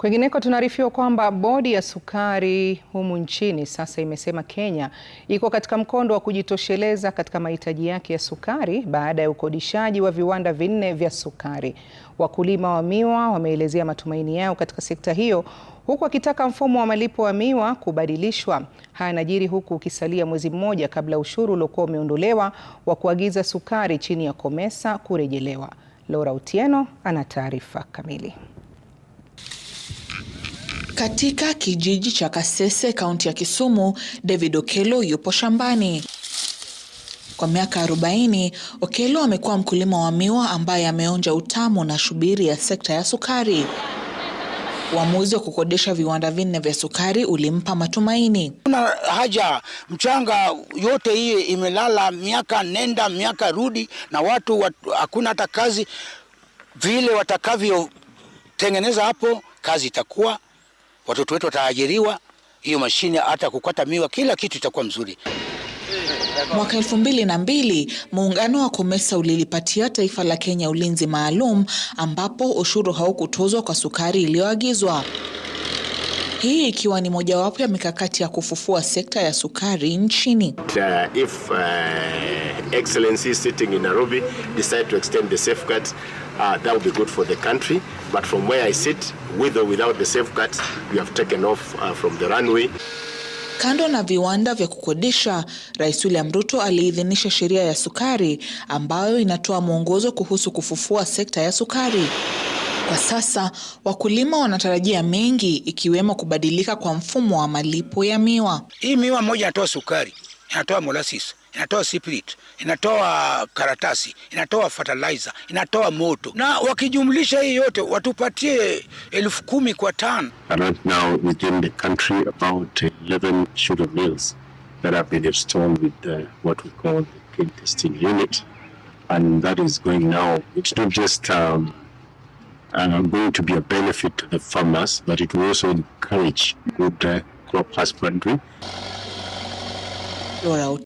Kwingineko tunaarifiwa kwamba bodi ya sukari humu nchini sasa imesema Kenya iko katika mkondo wa kujitosheleza katika mahitaji yake ya sukari baada ya ukodishaji wa viwanda vinne vya sukari. Wakulima wa miwa wameelezea matumaini yao katika sekta hiyo huku akitaka mfumo wa malipo wa miwa kubadilishwa. Haya najiri huku ukisalia mwezi mmoja kabla ushuru uliokuwa umeondolewa wa kuagiza sukari chini ya COMESA kurejelewa. Laura utieno ana taarifa kamili. Katika kijiji cha Kasese, kaunti ya Kisumu, David Okello yupo shambani. Kwa miaka 40, Okello amekuwa mkulima wa miwa ambaye ameonja utamu na shubiri ya sekta ya sukari. Uamuzi wa kukodesha viwanda vinne vya sukari ulimpa matumaini. Kuna haja mchanga yote hii imelala miaka nenda miaka rudi, na watu hakuna hata kazi. Vile watakavyotengeneza hapo kazi itakuwa watoto wetu wataajiriwa, hiyo mashine hata kukata miwa, kila kitu itakuwa mzuri. Mwaka elfu mbili na mbili muungano wa COMESA ulilipatia taifa la Kenya ulinzi maalum ambapo ushuru haukutozwa kwa sukari iliyoagizwa hii ikiwa ni mojawapo ya mikakati ya kufufua sekta ya sukari nchini. Uh, if, uh, excellency sitting in Nairobi decide to extend the safeguards uh, that would be good for the country but from where I sit with or without the safeguards we have taken off uh, from the runway. Kando na viwanda vya kukodisha, Rais William Ruto aliidhinisha sheria ya sukari ambayo inatoa mwongozo kuhusu kufufua sekta ya sukari. Kwa sasa wakulima wanatarajia mengi ikiwemo kubadilika kwa mfumo wa malipo ya miwa. Hii miwa moja inatoa sukari, inatoa molasses, inatoa spirit, inatoa karatasi, inatoa fertilizer, inatoa moto, na wakijumlisha hii yote watupatie elfu kumi kwa tano and that is going now. It's not just um, are going to be a benefit to the farmers, but it will also encourage good uh, crop husbandry. Well,